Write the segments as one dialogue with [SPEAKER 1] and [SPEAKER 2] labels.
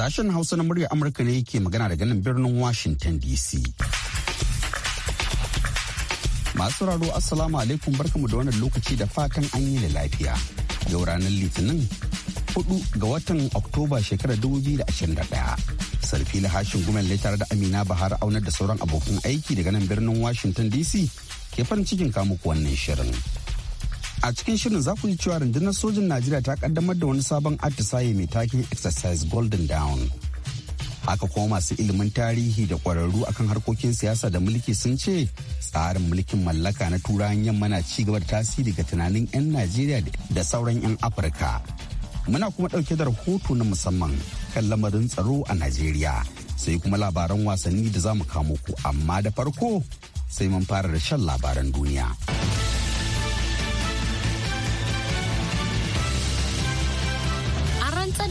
[SPEAKER 1] Sashen Hausa na murya Amurka ne yake magana daga nan birnin Washington DC. Masu raro Assalamu alaikum barkamu da wannan lokaci da fatan an yi da lafiya. Yau ranar Litinin 4 ga watan Oktoba shekarar 2021. Sarfi hashin gumen tare da Amina Bahar aunar da sauran abokan aiki daga nan birnin Washington DC ke farin cikin kamuku wannan shirin. a cikin shirin za ku ji cewa rundunar sojin najeriya ta kaddamar da wani sabon atisaye mai takin exercise golden dawn haka kuma masu ilimin tarihi da kwararru akan harkokin siyasa da mulki sun ce tsarin mulkin mallaka na turawan yamma na ci gaba da tasiri ga tunanin 'yan najeriya da sauran 'yan afirka muna kuma ɗauke da rahoto na musamman kan lamarin tsaro a najeriya sai kuma labaran wasanni da za mu kamo ku amma da farko sai mun fara da shan labaran duniya.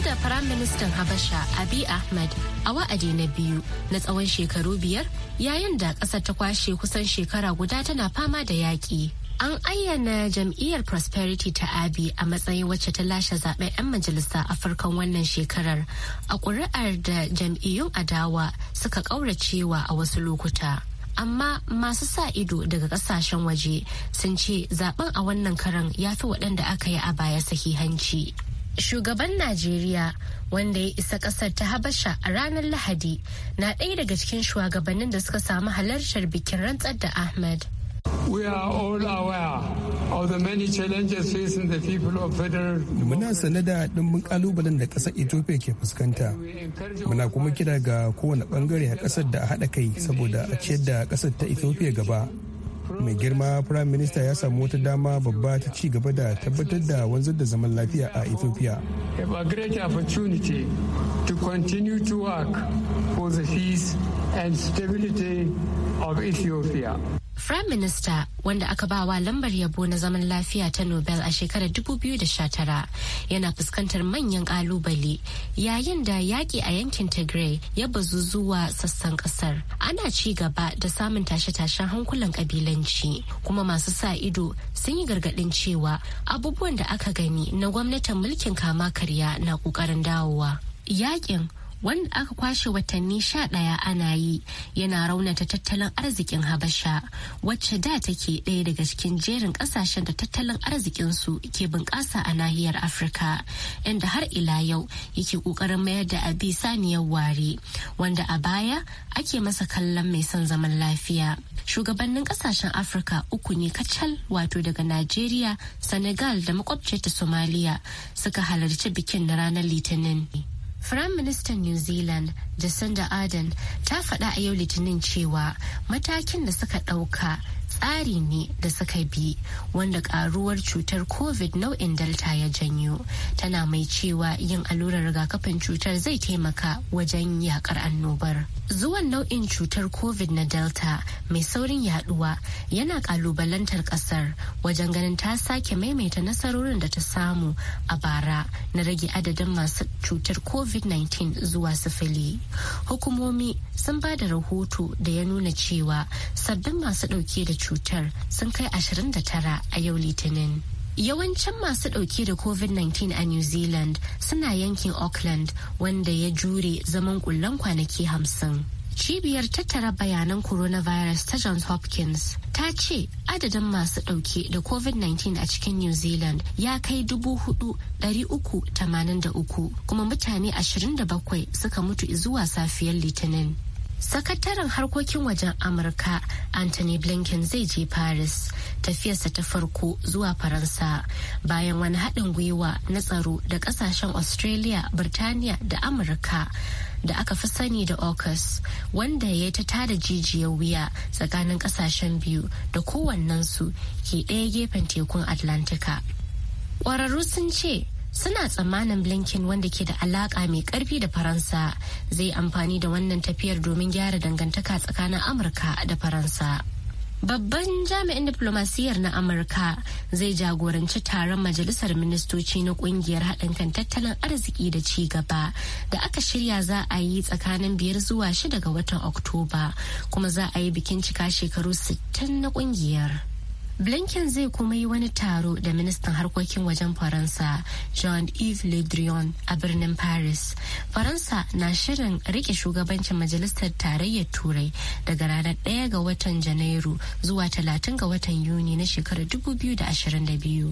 [SPEAKER 2] da Firaministan Habasha abi ahmad a wa'adi na biyu na tsawon shekaru biyar yayin da ƙasar ta kwashe kusan shekara guda tana fama da yaƙi. An ayyana jam'iyyar Prosperity ta Abi a matsayin wacce ta lashe zaben 'yan majalisa a farkon wannan shekarar a ƙuri'ar da jam'iyyun adawa suka ƙauracewa a wasu lokuta. amma masu sa ido daga kasashen waje sun ce zaben a wannan karan ya fi waɗanda aka yi a baya sahihanci. shugaban najeriya wanda ya isa kasar ta habasha a ranar lahadi na ɗaya daga cikin shugabannin da suka samu halartar bikin rantsar da ahmed
[SPEAKER 3] We are all aware of the many challenges facing the people of Federal. Muna sane da ɗimbin kalubalen
[SPEAKER 4] da ƙasar Ethiopia ke fuskanta. Muna kuma kira ga kowane ɓangare a ƙasar da a haɗa kai saboda a ciyar da ƙasar ta Ethiopia gaba. mai girma prime minister ya samu wata dama babba ta ci gaba da tabbatar da wanzar da zaman lafiya a ethiopia
[SPEAKER 3] have a great opportunity to continue to work for the peace and stability of ethiopia
[SPEAKER 2] Prime Minister wanda aka ba wa lambar yabo na zaman lafiya ta Nobel a shekarar 2019 yana fuskantar manyan kalubale yayin da yaƙi a yankin Tigray ya bazu zuwa sassan ƙasar. Ana ci gaba da samun tashe-tashen hankulan ƙabilanci kuma masu sa ido sun yi gargaɗin cewa abubuwan da aka gani na gwamnatin mulkin kama karya na ƙoƙarin dawowa. Yaƙin wanda aka kwashe watanni sha ɗaya ana yi yana raunata tattalin arzikin habasha wacce da take ɗaya daga cikin jerin ƙasashen da tattalin arzikinsu ke bunƙasa a nahiyar afirka inda har ila yau yake ƙoƙarin mayar da abi saniyar ware wanda a baya ake masa kallon mai son zaman lafiya shugabannin ƙasashen afirka uku ne kacal wato daga najeriya senegal da ta somaliya suka halarci bikin na ranar litinin Firaministan New Zealand Jacinda Ardern ta faɗa a yau Litinin cewa matakin da suka ɗauka tsari ne da suka bi wanda karuwar cutar covid nau'in delta ya janyo tana mai cewa yin allurar rigakafin cutar zai taimaka wajen yakar annobar zuwan nau'in cutar covid na delta mai saurin yaduwa yana kalubalantar kasar wajen ganin ta sake maimaita nasarorin da ta samu a bara na rage adadin masu cutar covid-19 zuwa sifili hukumomi sun ba da rahoto da ya nuna cewa sabbin masu dauke da cutar cutar sun kai 29 a yau litinin. Yawancin masu ɗauke da COVID-19 a New Zealand suna yankin Auckland wanda ya jure zaman ƙullan kwanaki hamsin. Cibiyar tattara bayanan coronavirus ta Johns Hopkins ta ce adadin masu ɗauke da COVID-19 a cikin New Zealand ya kai 4,383 kuma mutane 27 suka mutu zuwa safiyar Litinin. sakataren harkokin wajen amurka anthony blinken zai je paris tafiyarsa ta farko zuwa faransa bayan wani haɗin gwiwa na tsaro da ƙasashen australia birtaniya da amurka da aka fi sani da AUKUS wanda ya ta tada jijiyar wuya tsakanin ƙasashen biyu da kowannensu ke ɗaya gefen tekun atlantika ƙwararru sun ce suna tsammanin blinken wanda ke da alaka mai karfi da faransa zai amfani da wannan tafiyar domin gyara dangantaka tsakanin amurka da faransa babban jami'in diplomasiyyar na amurka zai jagoranci taron majalisar ministoci na kungiyar haɗin kan tattalin arziki da ci gaba da aka shirya za a yi tsakanin biyar zuwa shida ga watan oktoba kuma za a yi bikin cika shekaru 60 na kungiyar blinken zai kuma yi wani taro da ministan harkokin wajen faransa jean-yves le drian a birnin paris faransa na shirin rike shugabancin majalisar tarayyar turai daga ranar 1 ga watan janairu zuwa 30 ga watan yuni na shekarar 2022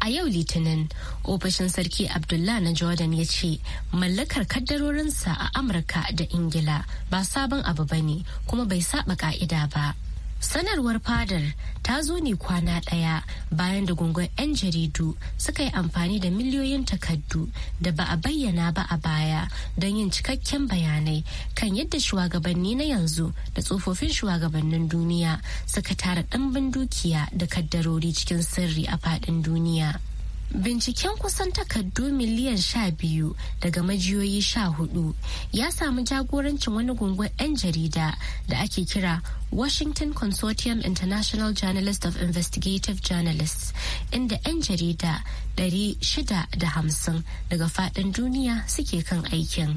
[SPEAKER 2] A yau Litinin, ofishin Sarki Abdullah na Jordan ya ce mallakar kaddarorinsa a Amurka da Ingila ba sabon abu ba ne kuma bai saba ka'ida ba. sanarwar fadar ta zo ne kwana ɗaya bayan da gungun 'yan jaridu suka yi amfani da miliyoyin takardu da ba a bayyana ba a baya don yin cikakken bayanai kan yadda shugabanni na yanzu da tsofaffin shugabannin duniya suka tara ɗanbin dukiya da kaddarori cikin sirri a faɗin duniya. Binciken kusan takardu miliyan sha biyu daga majiyoyi sha hudu ya samu jagorancin wani gungun 'yan jarida da ake kira Washington Consortium International Journalist of Investigative Journalists inda 'yan jarida 650 daga faɗin duniya suke kan aikin.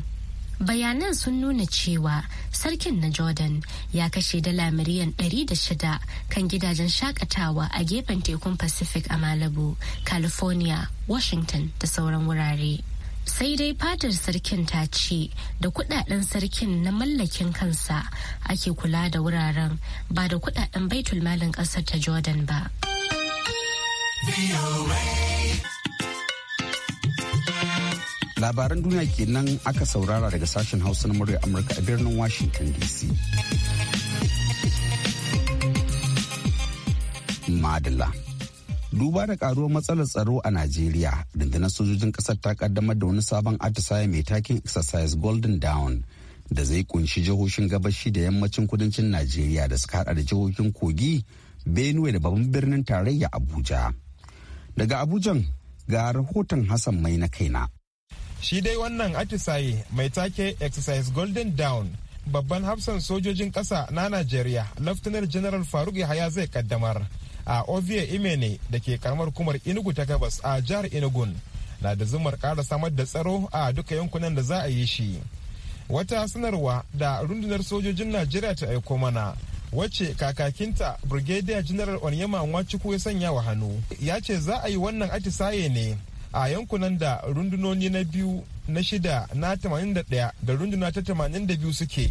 [SPEAKER 2] bayanan sun nuna cewa sarkin na jordan ya kashe dala miliyan shida kan gidajen shakatawa a gefen tekun pacific a malabu california washington da sauran wurare sai dai fadar sarkin ta ce da kudaden sarkin na mallakin kansa ake kula da wuraren ba da kudaden baitulmalin kasar ta jordan ba.
[SPEAKER 1] labaran duniya kenan aka saurara daga sashen hausa na murya amurka a birnin washington dc madala duba da karuwar matsalar tsaro a najeriya rundunar sojojin kasar ta kaddamar da wani sabon atisaye mai takin exercise golden dawn da zai kunshi jihohin gabashi da yammacin kudancin najeriya da suka hada da jihohin kogi benue da babban birnin tarayya abuja daga abujan ga rahoton hassan mai na kaina
[SPEAKER 4] shi dai wannan atisaye mai take exercise golden down babban hafsan sojojin ƙasa na nigeria laftanar general faruk yahaya zai kaddamar a ovie imene da ke karamar kumar inugu ta gabas a jihar inugun na da zumar ƙara samar da tsaro a duka yankunan da za a yi shi wata sanarwa da rundunar sojojin najeriya ta aiko mana wacce kakakinta brigadier general onyema nwachukwu ya sanya wa hannu ya ce za a yi wannan atisaye ne a yankunan da rundunoni na biyu na shida na 81 da runduna ta 82 suke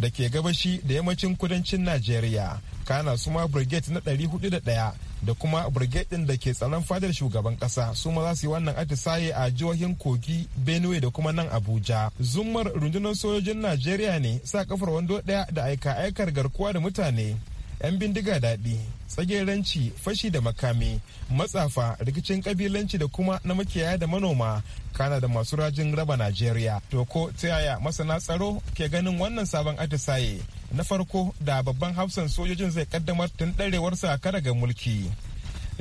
[SPEAKER 4] da ke gabashi da yammacin kudancin najeriya kana suma brigade na hudu da da kuma brigade din da ke tsaron fadar shugaban kasa su ma za su yi wannan atisaye a jihohin kogi benue da kuma nan abuja zumar rundunar sojojin najeriya ne sa kafar wando daya da aika aikar garkuwa da mutane 'yan bindiga daɗi tsageranci fashi da makami matsafa rikicin kabilanci da kuma na makiyaya da manoma kana da masu rajin raba najeriya to ko ta yaya masana tsaro ke ganin wannan sabon atisaye na farko da babban hafsan sojojin zai kaddamar tun a kara ga mulki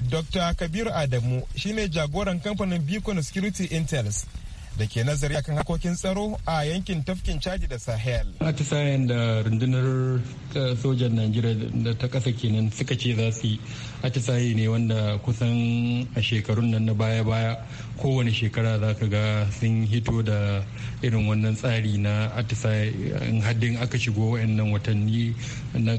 [SPEAKER 4] dr kabiru adamu shine jagoran kamfanin beacon security intels da ke nazari akan hakokin tsaro a yankin tafkin caji da sahel
[SPEAKER 3] atisayen da rundunar sojan najeriya da ta kasa kenan suka ce za su yi atisaye ne wanda kusan a shekarun nan na baya-baya kowane shekara za ka ga sun hito da irin wannan tsari na atisaye haddin aka shigo wayannan watanni na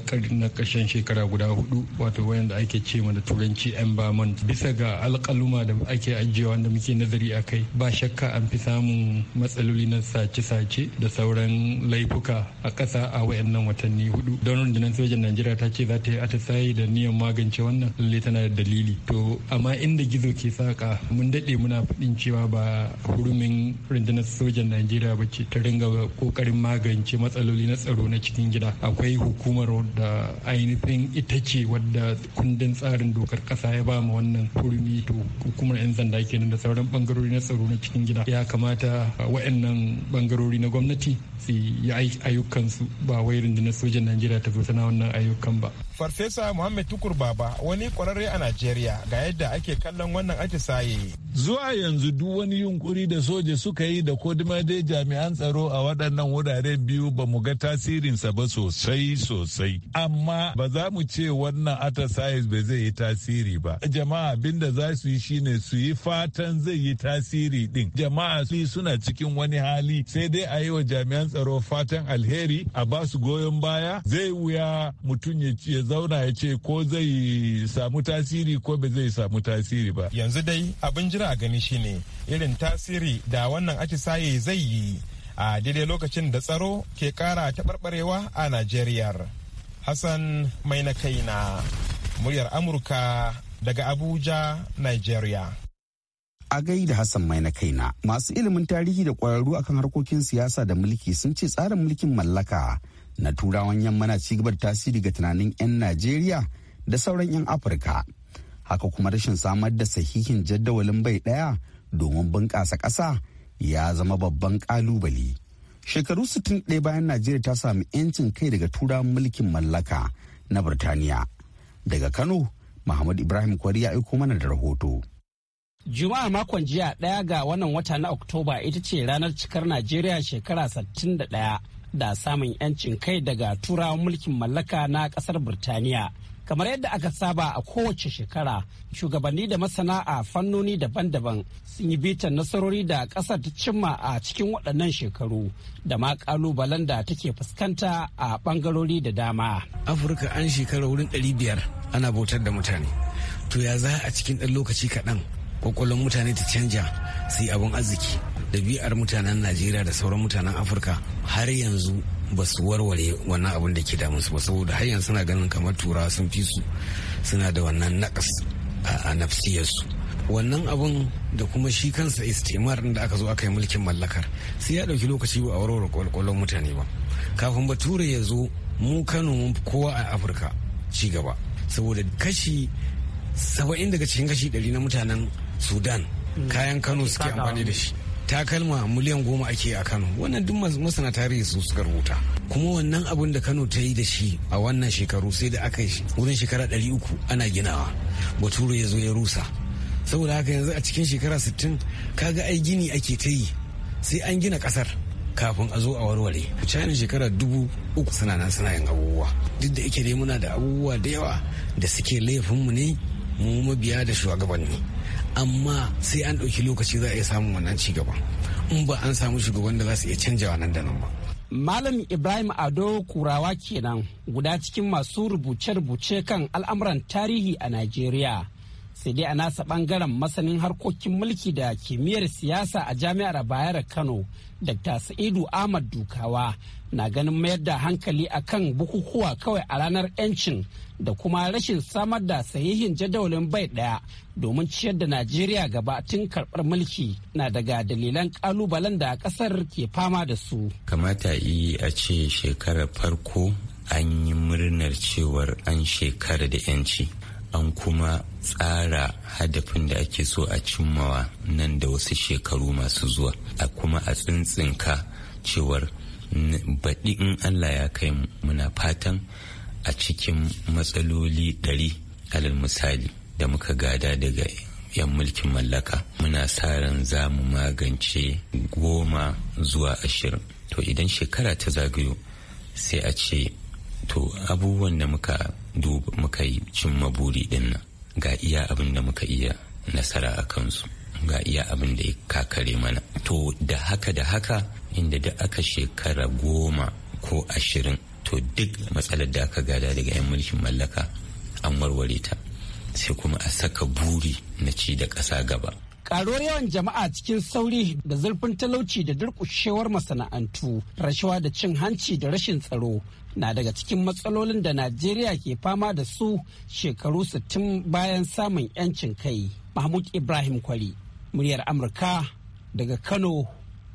[SPEAKER 3] ƙarshen shekara guda hudu wato wayanda ake ce da turanci environment bisa ga alƙaluma da ake ajiyewa wanda muke nazari a kai ba shakka an fi samun matsaloli na sace-sace da sauran laifuka a ƙasa a wayannan watanni hudu don rundunar sojan najeriya ta ce za ta yi atisaye da niyan magance wannan lalle tana da dalili to amma inda gizo ke saka mun daɗe muna faɗin cewa ba hurumin rundunar sojan najeriya ba ce ta ringa kokarin magance matsaloli na tsaro na cikin gida akwai hukumar da ainihin ita ce wadda kundin tsarin dokar ƙasa ya ba ma wannan hurumi to hukumar 'yan sanda kenan da sauran ɓangarori na tsaro na cikin gida ya kamata uh, wa'annan bangarori na gwamnati su yi ayyukansu ba wai rundunar sojan najeriya ta zo tana wannan ayyukan ba
[SPEAKER 4] farfesa muhammed tukur baba wani kwararre a najeriya ga yadda ake kallon wannan atisaye
[SPEAKER 5] zuwa yanzu duk wani yunkuri da soja suka yi da kodima dai jami'an tsaro a waɗannan wurare biyu ba mu ga tasirinsa ba sosai sosai
[SPEAKER 4] amma ba za mu ce wannan atisaye ba zai yi tasiri ba jama'a abin za su yi shine su yi fatan zai yi tasiri din jama'a su suna cikin wani hali sai dai a yi wa jami'an tsaro fatan alheri a ba su goyon baya zai wuya mutum ya zauna ya ce ko zai samu tasiri ko ba zai samu tasiri ba yanzu dai abin jira a gani shine irin tasiri da wannan atisaye zai yi a daidai lokacin da tsaro ke kara taɓarɓarewa a najeriya hassan mai na kai na muryar amurka daga abuja nigeria
[SPEAKER 1] a da Hassan mai na kaina. Masu ilimin tarihi da ƙwararru akan harkokin siyasa da mulki sun ce tsarin mulkin mallaka na turawan yamma na cigaba da tasiri ga tunanin 'yan Najeriya da sauran 'yan Afirka. Haka kuma rashin samar da sahihin jadawalin bai ɗaya domin bunƙasa ƙasa ya zama babban ƙalubale. Shekaru 61 bayan Najeriya ta sami 'yancin kai daga turawan mulkin mallaka na Birtaniya. Daga Kano, Muhammad Ibrahim Kwari ya aiko mana da rahoto.
[SPEAKER 6] Juma'a makon jiya ɗaya ga wannan wata na Oktoba ita ce ranar cikar Najeriya shekara 61 da samun 'yancin kai daga turawan mulkin mallaka na ƙasar Birtaniya. Kamar yadda aka saba a kowace shekara, shugabanni da masana a fannoni daban-daban sun yi bitan nasarori da ƙasar ta cimma a cikin waɗannan shekaru da ma ƙalubalen da take fuskanta a
[SPEAKER 7] ɓangarori da dama. Afirka an shekara wurin 500 ana bautar da mutane. To ya za a cikin ɗan lokaci kaɗan kwakwalon mutane ta canja su yi abin arziki ɗabi'ar mutanen najeriya da sauran mutanen afirka har yanzu ba su warware wannan abin da ke damunsu ba saboda har yanzu suna ganin kamar tura sun fi su suna da wannan naƙas a nafsiyarsu wannan abun da kuma shi kansa istimar da aka zo aka yi mulkin mallakar sai ya ɗauki lokaci ba a warware kwalkwalon mutane ba kafin bature ya zo mu kano mun kowa a afirka ci gaba saboda kashi saba'in daga cikin kashi ɗari na mutanen sudan mm. kayan kano suke amfani da shi takalma miliyan goma ake a kano wannan duk masana tarihi su suka rubuta kuma wannan abin da kano ta yi da shi a wannan shekaru sai da aka yi wurin shekara ɗari uku ana ginawa bature ya zo ya rusa saboda haka yanzu a cikin shekara sittin kaga ai gini ake ta yi sai an gina kasar kafin a zo a warware china shekara dubu uku suna nan suna yin abubuwa duk da ike dai muna da abubuwa da yawa da suke laifinmu ne mu mabiya da shugabanni amma sai an ɗauki lokaci za a iya samun wannan cigaba in ba an samu shugaban da za su iya canjawa nan da nan ba Malam Ibrahim Ado Kurawa
[SPEAKER 6] kenan guda cikin masu rubuce-rubuce kan al'amuran tarihi a Najeriya sai dai a nasa bangaren masanin harkokin mulki da kimiyyar siyasa a jami'ar bayar kano dr sa'idu ahmad dukawa na ganin mayar da hankali akan bukukuwa kawai a ranar 'yancin da kuma rashin samar da sahihin jadawalin bai daya domin ciyar da najeriya gaba tun karbar mulki na daga dalilan kalubalen da kasar ke fama da su
[SPEAKER 8] kamata yi a ce shekarar farko an yi murnar cewar an shekara da 'yanci an kuma tsara hadafin da ake so a cimmawa nan da wasu shekaru masu zuwa a kuma a tsintsinka cewar baɗi in allah ya kai muna fatan a cikin matsaloli ɗari alal misali da muka gada daga 'yan mulkin mallaka muna sa ran za mu magance goma zuwa ashirin to idan shekara ta zagayo sai a ce to abubuwan da muka duba muka yi cimma buri din nan ga iya abin da muka iya nasara a kansu ga iya abin da ya kakare mana to da haka da haka inda da aka shekara goma ko ashirin to duk matsalar da aka gada daga 'yan mulkin mallaka an warware ta sai kuma a saka buri na ci da ƙasa gaba
[SPEAKER 6] Karuwar yawan jama'a cikin sauri da zurfin talauci da durƙushewar masana'antu, rashawa da cin hanci da rashin tsaro na daga cikin matsalolin da Najeriya ke fama da su shekaru 60 bayan samun 'yancin kai. Mahmud Ibrahim Kwari, muryar Amurka daga Kano,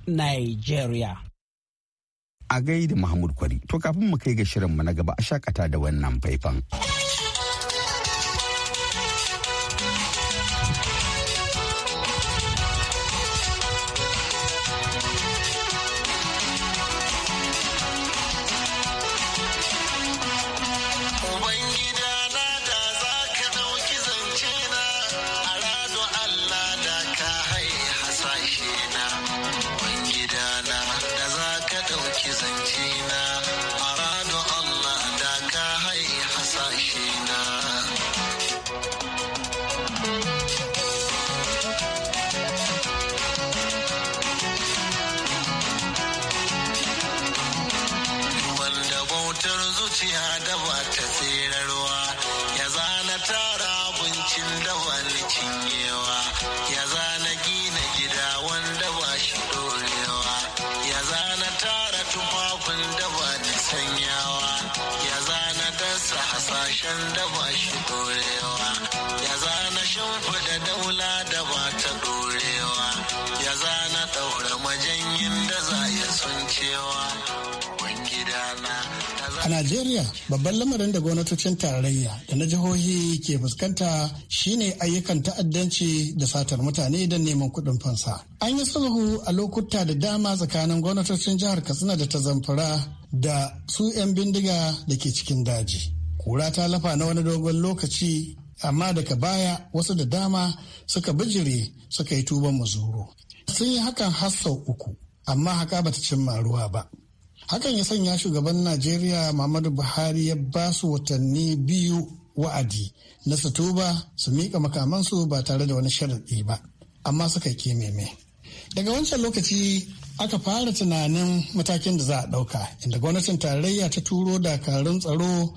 [SPEAKER 6] Nigeria.
[SPEAKER 1] A gaida Mahmud Kwari, to kafin mu kai ga shirin mu na gaba a shakata da wannan faifan.
[SPEAKER 9] si I double? Najeriya babban lamarin da gwamnatocin tarayya da na jihohi ke fuskanta shine ayyukan ta'addanci da satar mutane don neman kuɗin fansa. An yi sulhu a lokuta da dama tsakanin gwamnatocin jihar Katsina da ta zamfara da su 'yan bindiga da ke cikin daji. Kura ta lafa na wani dogon lokaci amma daga baya wasu da dama suka bijire suka yi tuban mazuru. Sun yi hakan har sau uku amma haka bata cimma ruwa ba. hakan ya sanya shugaban najeriya muhammadu buhari ya ba su watanni biyu wa'adi na Satuba su miƙa makamansu ba tare da wani sharaɗi ba amma suka ke meme daga wancan lokaci aka fara tunanin matakin da za a ɗauka inda gwamnatin tarayya ta turo dakarun tsaro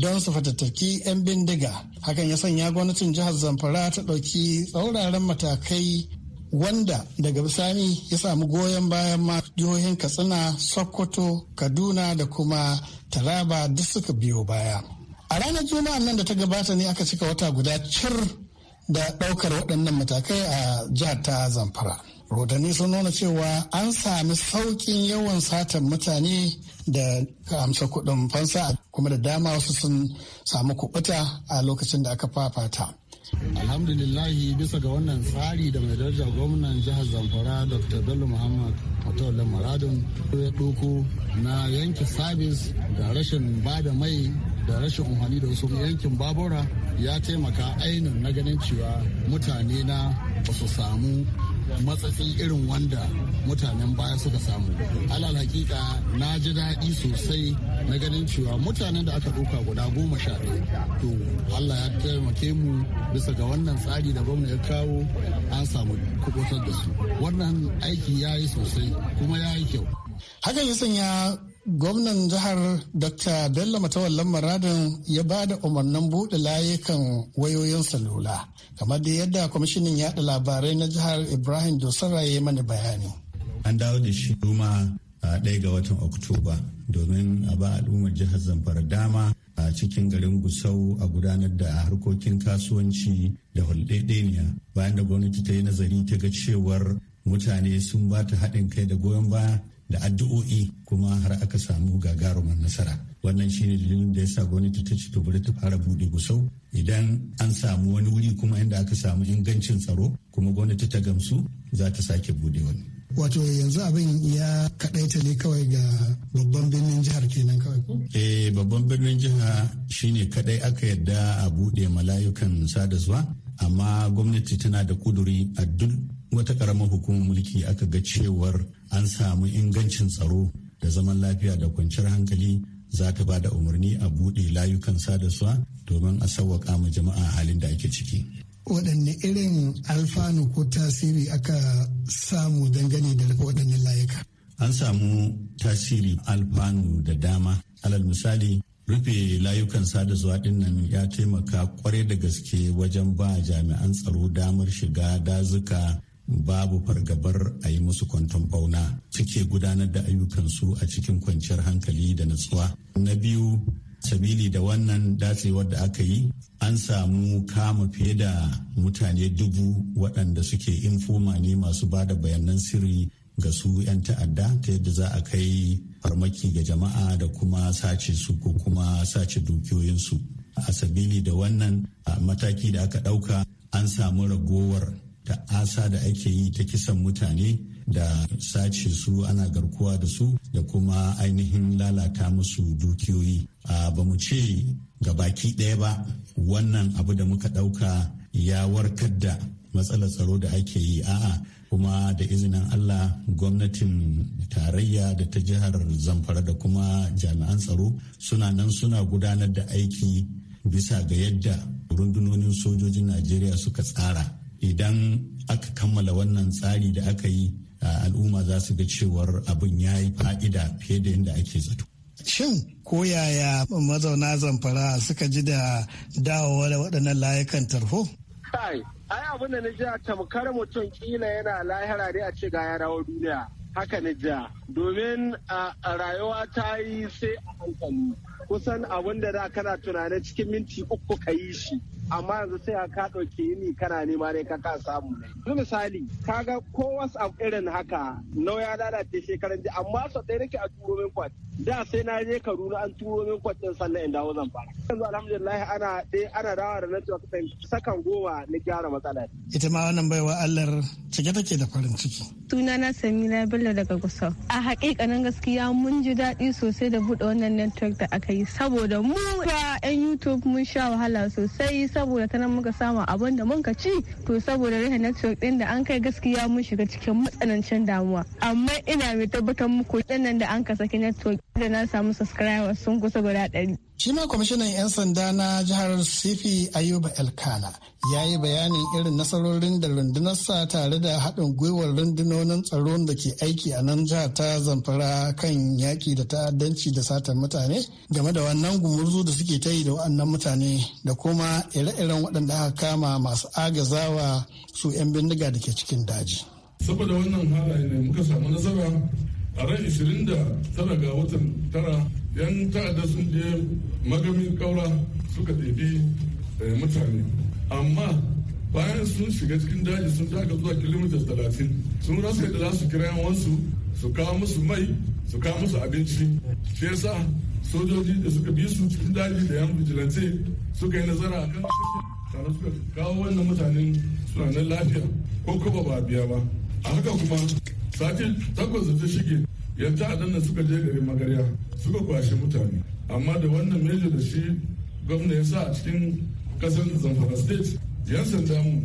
[SPEAKER 9] don su fatattaki 'yan bindiga hakan ya sanya gwamnatin jihar zamfara ta ɗauki tsauraran matakai wanda daga bisani ya samu goyon bayan ma jihohin katsina sokoto kaduna da kuma taraba duk suka biyo baya a ranar juma'a nan da ta gabata ne aka cika wata guda cir da ɗaukar waɗannan matakai a jihar ta zamfara rodani sun nuna cewa an sami sauƙin yawan satan mutane da amsa kuɗin fansa kuma da dama wasu sun samu kuɓuta a lokacin da aka fafata alhamdulillahi bisa ga wannan tsari da mai daraja gwamnan jihar zamfara dr bello muhammad matawallan maradun ya doko na yanke sabis da rashin bada mai da rashin umarni da wasu yankin babura ya taimaka ainihin na ganin cewa mutane na ba su samu matsatsi irin wanda mutanen baya suka samu alal hakika na ji daɗi sosai na ganin cewa mutanen da aka ɗauka guda goma sha ɗaya to allah ya taimake mu bisa ga wannan tsari da gwamna ya kawo an samu kubutar da su wannan aiki ya yi sosai kuma ya yi kyau hakan ya sanya gwamnan jihar dr bello matawallan maradin ya ba da umarnin buɗe layukan wayoyin salula kamar da yadda kwamishinin yada labarai na jihar ibrahim dosara ya mani bayani
[SPEAKER 10] an dawo da shi duma a ɗaya ga watan oktoba domin a ba al'ummar jihar zamfara dama a cikin garin gusau a gudanar da harkokin kasuwanci da hulɗeɗeniya bayan da gwamnati ta yi nazari ta ga cewar mutane sun ba ta haɗin kai da goyon baya da addu'o'i kuma har aka samu gagarumar nasara wannan shine dalilin da yasa gwamnati ta ta bari ta fara buɗe gusau idan an samu wani wuri kuma inda aka samu ingancin tsaro kuma gwamnati ta gamsu za ta sake bude wani wato
[SPEAKER 9] yanzu abin ya kaɗaita ne kawai ga babban birnin jihar kenan kawai ko?
[SPEAKER 10] eh babban birnin jiha shine kadai aka yadda a buɗe malayukan sada zuwa amma gwamnati tana da kuduri a duk wata karamar hukumar mulki aka ga cewar an samu ingancin tsaro da zaman lafiya da kwanciyar hankali za ta ba da umarni a buɗe layukan sada suwa domin a sauwaƙa ma jama'a halin da ake ciki.
[SPEAKER 9] waɗanne irin alfanu ko tasiri aka samu dangane da waɗannan layuka?
[SPEAKER 10] An samu tasiri alfanu da dama. Alal misali, rufe layukan sada zuwa dinnan ya taimaka kwarai da gaske wajen ba jami'an tsaro damar shiga dazuka babu fargabar a yi musu kwanton bauna suke gudanar da ayyukansu a cikin kwanciyar hankali da natsuwa. Na biyu, sabili da wannan datsewar da aka yi, an samu kama fiye da mutane dubu waɗanda suke infoma ne masu ba da bayanan sirri ga su 'yan ta'adda ta yadda za a kai farmaki ga jama'a da kuma sace su ko kuma sace dukiyoyinsu. A sabili da wannan mataki da aka ɗauka an samu ragowar asa da ake yi ta kisan mutane da sace su ana garkuwa da su da kuma ainihin lalata musu dukiyoyi ba mu ce ga baki ɗaya ba wannan abu da muka ɗauka ya warkar da matsalar tsaro da ake yi a'a kuma da izinin Allah gwamnatin tarayya da ta jihar zamfara da kuma jami'an tsaro suna nan suna gudanar da aiki bisa ga yadda rundunonin sojojin Najeriya suka tsara idan aka kammala wannan tsari da aka yi a al'umma za su ga cewar abin ya yi fa'ida fiye da yadda ake zato.
[SPEAKER 9] Shin ko yaya mazauna zamfara suka ji da dawowa da waɗannan layukan tarho?
[SPEAKER 1] Kai, ai abin da na ji a tamkar mutum kila yana lahira ne a ce ga ya rawar duniya.
[SPEAKER 4] Haka na ji domin a rayuwa ta yi sai a hankali. Kusan abin da da kana tunanin cikin minti uku ka yi shi. amma yanzu sai ka ɗauki ni kana nema ne ka kan samu ne yanzu misali ga ko wasu irin haka nau ya lalace shekaran jiya amma sau ɗaya nake a turo min kwat da sai na je runa an turo min kwat ɗin sannan in dawo zan fara yanzu alhamdulillah ana ɗaya ana dawa da network ɗin sakan goma na gyara matsala.
[SPEAKER 9] ita ma wannan baiwa allar cike take da farin ciki.
[SPEAKER 2] sunana samina bello daga gusau a hakikanin gaskiya mun ji daɗi sosai da buɗe wannan network da aka yi saboda mu 'yan youtube mun sha wahala sosai saboda ta nan muka samu abin da muka ci to saboda rihe network din da an kai gaskiya mun shiga cikin matsanancin damuwa amma ina mai tabbatar muku nan da an ka saki network da na samu subscribers sun kusa guda
[SPEAKER 9] ɗari. shi ma kwamishinan 'yan sanda na jihar sifi ayuba elkana ya yi bayanin irin nasarorin da rundunarsa tare da haɗin gwiwar rundunonin tsaron da ke aiki a nan jihar ta zamfara kan yaƙi da ta'addanci da satar mutane game da wannan gumurzu da suke ta yi da waɗannan mutane da kuma ire-iren waɗanda aka kama masu agazawa su 'yan bindiga da ke cikin daji.
[SPEAKER 5] saboda wannan halaye ne muka samu nasara a ran tara ga watan tara yan ta'adda sun je magamin kaura suka ɗebi eh, mutane amma bayan sun shiga cikin daji sun taka zuwa kilomita talatin sun rasa da za su kira yawansu su kawo musu mai su kawo musu abinci shi yasa sojoji da suka bi su cikin daji da yan vigilante suka yi nazara a kan tare suka kawo wannan mutanen suna lafiya ko kuma ba biya ba a haka kuma sati takwas da ta shige yan ta'addan da suka je garin magarya suka kwashe mutane amma da wannan mejo da shi gwamna ya sa a cikin kasar zamfara state yan sanda mu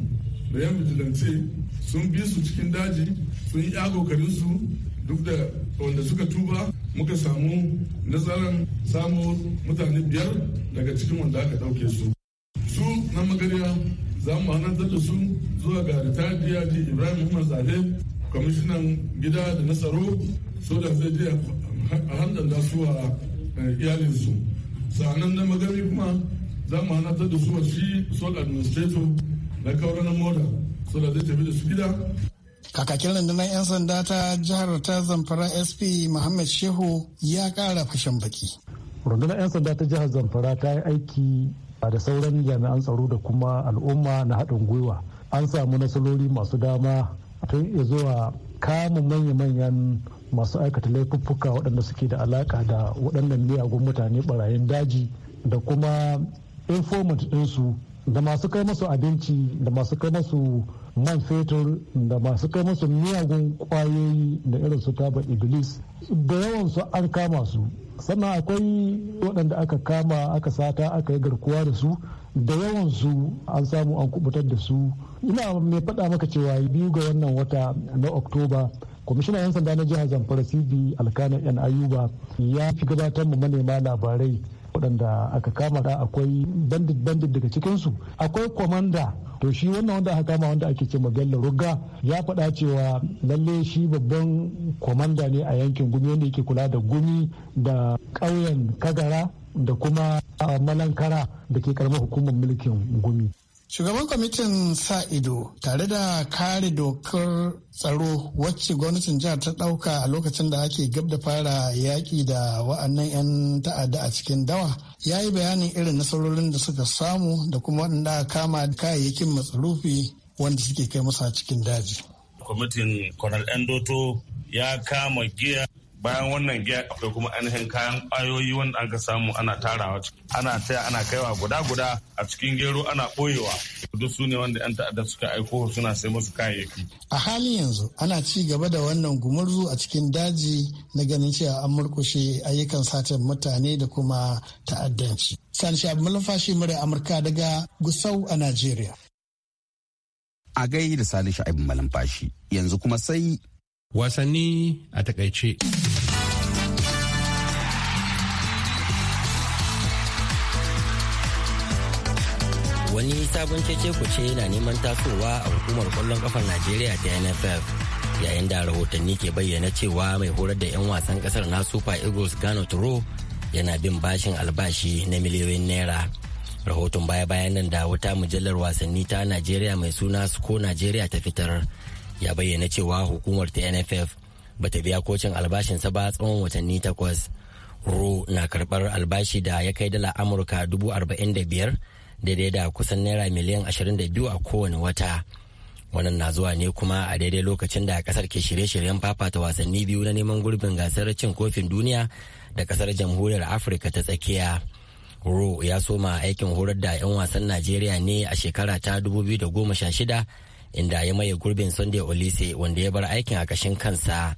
[SPEAKER 5] da yan vigilante sun bi su cikin daji sun yi kokarin su duk da wanda suka tuba muka samu nasarar samu mutane biyar daga cikin wanda aka dauke su su na magariya za mu hanantar da su zuwa ga ritadiya ji ibrahim umar zale kwamishinan gida da na tsaro so da zai je a hanzar da su a eh, iyalinsu sa'anan na magari kuma zan ma na da su shi sol administrator na kauran moda so da zai tafi da su gida
[SPEAKER 9] kakakin rundunar 'yan sanda ta jihar
[SPEAKER 11] ta zamfara sp muhammad shehu ya kara fashin baki rundunar 'yan sanda ta jihar zamfara ta yi aiki da sauran jami'an tsaro da kuma al'umma na haɗin gwiwa an samu nasarori masu dama tun ya zuwa kama manya-manyan masu aikata laifuffuka waɗanda suke da alaƙa da waɗannan miyagun mutane barayin daji da kuma informant ɗinsu da masu kai masu abinci da masu kai masu man fetur da masu kai masu miyagun kwayoyi da irin su taba iblis da yawan su an kama su sannan akwai waɗanda aka kama aka sata aka yi garkuwa da su da yawan su an samu an kubutar da su ina mai faɗa maka cewa biyu ga wannan wata na oktoba kwamishinan 'yan sanda na jihar zamfara cb alkana yan ayuba ya fi gabatar mu manema labarai waɗanda aka kama da akwai bandit bandit daga cikinsu akwai kwamanda to shi wannan wanda aka kama wanda ake ce magalla ruga ya faɗa cewa lalle shi babban kwamanda ne a yankin gumi wanda yake kula da gumi da ƙauyen kagara da kuma ah, malankara da ke karamar hukumar mulkin gumi
[SPEAKER 9] Shugaban kwamitin sa ido tare da kare dokar tsaro wacce gwamnatin jihar ta ɗauka a lokacin da ake gab da fara yaƙi da wa'annan 'yan ta'adda a cikin dawa ya yi bayanin irin nasarorin da suka samu da kuma waɗanda kama kayayyakin matsarufi wanda suke kai musu a cikin daji.
[SPEAKER 5] Kwamitin 'yan Endoto ya kama giya bayan wannan giya akwai kuma ainihin kayan kwayoyi wanda aka samu ana tarawa ana taya ana kaiwa guda guda a cikin gero ana ɓoyewa. duk su ne wanda yan ta'adda suka aiko suna sai musu kayayyaki
[SPEAKER 9] a halin yanzu ana ci gaba da wannan gumurzu a cikin daji na ganin cewa an murkushe ayyukan satar mutane da kuma ta'addanci sanshi abu malafashi murya amurka daga gusau a najeriya
[SPEAKER 1] a gai da salisha abin malamfashi yanzu kuma sai wasanni
[SPEAKER 12] a takaice. wani sabon cece kuce na neman tasowa a hukumar kwallon kafar najeriya ta nff yayin da rahotanni ke bayyana cewa mai horar da 'yan wasan kasar na super eagles gano turo yana bin bashin albashi na miliyoyin naira rahoton baya-bayan nan da wata mujallar wasanni ta najeriya mai suna suko najeriya ta fitar ya bayyana cewa hukumar ta nff bata biya kocin albashinsa ba tsawon watanni takwas ro na karbar albashi da ya kai dala amurka dubu arba'in da biyar daidai da kusan naira miliyan ashirin da biyu a kowane wata wannan na zuwa ne kuma a daidai lokacin da kasar ke shirye-shiryen fafata wasanni biyu na neman gurbin gasar cin kofin duniya da kasar jamhuriyar afirka ta tsakiya ro ya soma aikin horar da 'yan wasan najeriya ne a shekara ta 2016 inda ya maye gurbin sunday olise wanda ya bar aikin a kashin kansa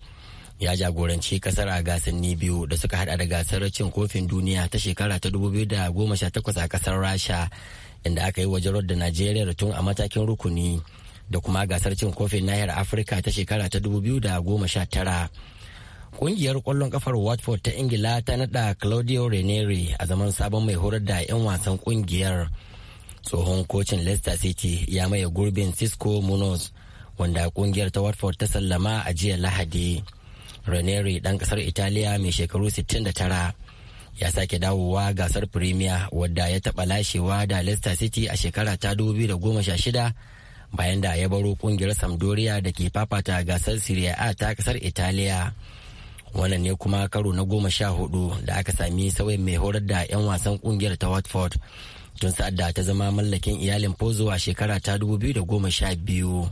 [SPEAKER 12] ya jagoranci kasar a gasanni biyu da suka hada da gasar cin kofin duniya ta shekara ta 2018 a kasar rasha inda aka yi wa jarar da najeriya tun a matakin rukuni da kuma gasar cin kofin nahiyar afirka ta shekara ta 2019 Kungiyar kwallon kafar Watford ta Ingila ta nada Claudio Ranieri a zaman sabon mai horar da 'yan wasan kungiyar. tsohon kocin leicester city ya maye gurbin cisco munoz wanda kungiyar ta watford ta sallama a jiya lahadi Ranieri dan kasar Italiya mai shekaru 69 ya sake dawowa gasar Premier wadda ya taba lashewa da Leicester City a shekara ta 2016 bayan da ya baro kungiyar Sampdoria da ke fafata gasar Serie A ta kasar Italiya. Wannan ne kuma karo na goma sha hudu da aka sami sauyin mai horar da 'yan wasan kungiyar ta Watford tun sa'ad da ta zama mallakin iyalin Pozo a shekara ta 2012.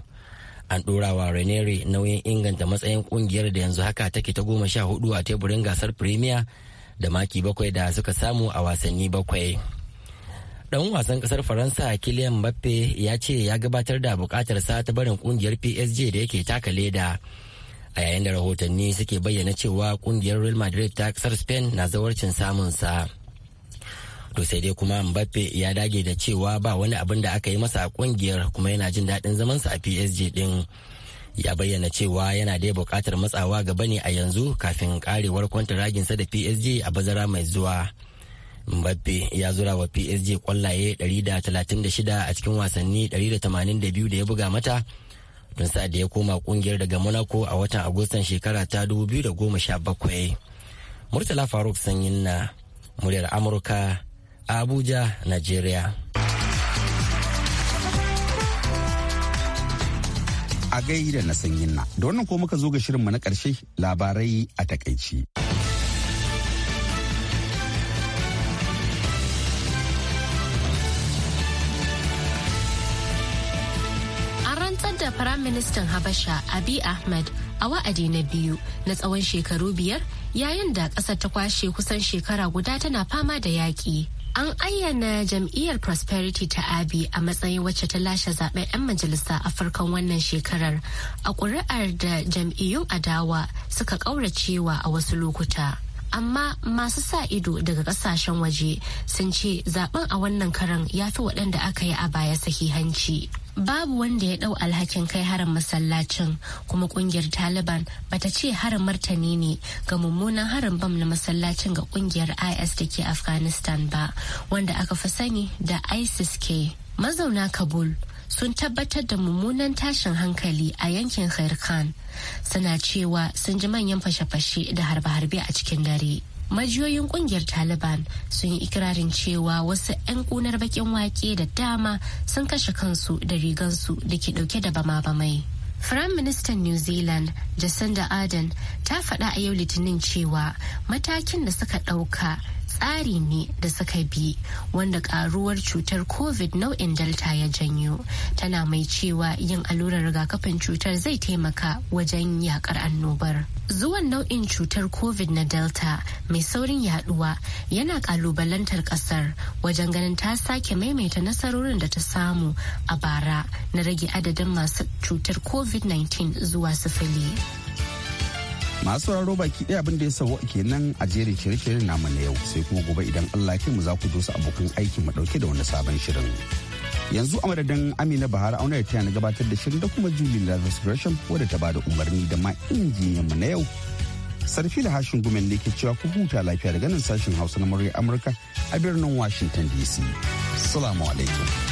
[SPEAKER 12] An dorawa wa Renere nauyin inganta matsayin kungiyar da yanzu haka take ta goma sha hudu a teburin gasar Premier da maki bakwai da suka samu a wasanni bakwai. Dan wasan kasar Faransa Kylian Mbappe ya ce ya gabatar da sa ta barin kungiyar PSG da yake taka leda. a yayin da rahotanni suke bayyana cewa kungiyar real madrid ta kasar spain na zawarcin samunsa to sai dai kuma mbappe ya dage da cewa ba wani abin da aka yi masa a kungiyar kuma yana jin daɗin zamansa a psg din ya bayyana cewa yana da buƙatar matsawa gaba ne a yanzu kafin karewar kwantaraginsa da psg a bazara mai zuwa mbappe ya zura wa psg kwallaye 136 a cikin wasanni 182 da ya buga mata don sa da ya koma kungiyar daga monaco a watan agustan shekara ta 2017 murtala faruk sanyin na muryar amurka Abuja, nigeria. A gai da na yinna,
[SPEAKER 1] da wannan ko muka zo ga shirinmu na ƙarshe labarai a takaici.
[SPEAKER 2] da Firaministan Habasha Abi Ahmed a wa'adi na biyu na tsawon shekaru biyar yayin da ƙasa ta kwashe kusan shekara guda tana fama da yaƙi. an ayyana jam'iyyar prosperity ta abi a matsayin wacce ta lashe zaben 'yan majalisa a farkon wannan shekarar a ƙuri'ar da jam'iyyun adawa suka ƙauracewa a wasu lokuta amma masu sa ido daga kasashen waje sun ce zaben a wannan karan ya fi waɗanda aka yi a baya sahihanci babu wanda ya dau alhakin kai harin masallacin kuma kungiyar taliban bata ce harin martani ne ga mummunan harin bam na masallacin ga kungiyar is da ke afghanistan ba wanda aka fi sani da isis ke mazauna kabul sun tabbatar da mummunan tashin hankali a yankin khair khan suna cewa sun ji manyan fashe-fashe da harbe-harbe a cikin dare majiyoyin kungiyar taliban sun yi ikirarin cewa wasu 'yan kunar bakin wake da dama sun kashe kansu da rigansu da ke dauke da bama-bamai Firayim Ministan New Zealand Jacinda Ardern ta faɗa a yau Litinin cewa matakin da suka ɗauka tsari ne da suka bi wanda karuwar cutar covid nau'in delta ya janyo tana mai cewa yin allurar rigakafin cutar zai taimaka wajen yakar annobar zuwan nau'in cutar covid na delta mai saurin yaduwa yana kalubalantar kasar wajen ganin ta sake maimaita nasarorin da ta samu a bara na rage adadin masu cutar covid-19 zuwa sifili
[SPEAKER 1] masu sauraro baki ɗaya abin da ya ke nan a jerin shirye-shiryen namu na yau sai kuma gobe idan Allah ya mu za ku dosa abokan aiki mu ɗauke da wani sabon shirin yanzu a madadin amina bahar auna taya na gabatar da shirin da kuma julie lazarus gresham wadda ta bada umarni da ma injiniyan mu na yau sarfi da hashin gumen ne ke cewa ku huta lafiya daga nan sashen hausa na murya amurka a birnin washington dc salamu alaikum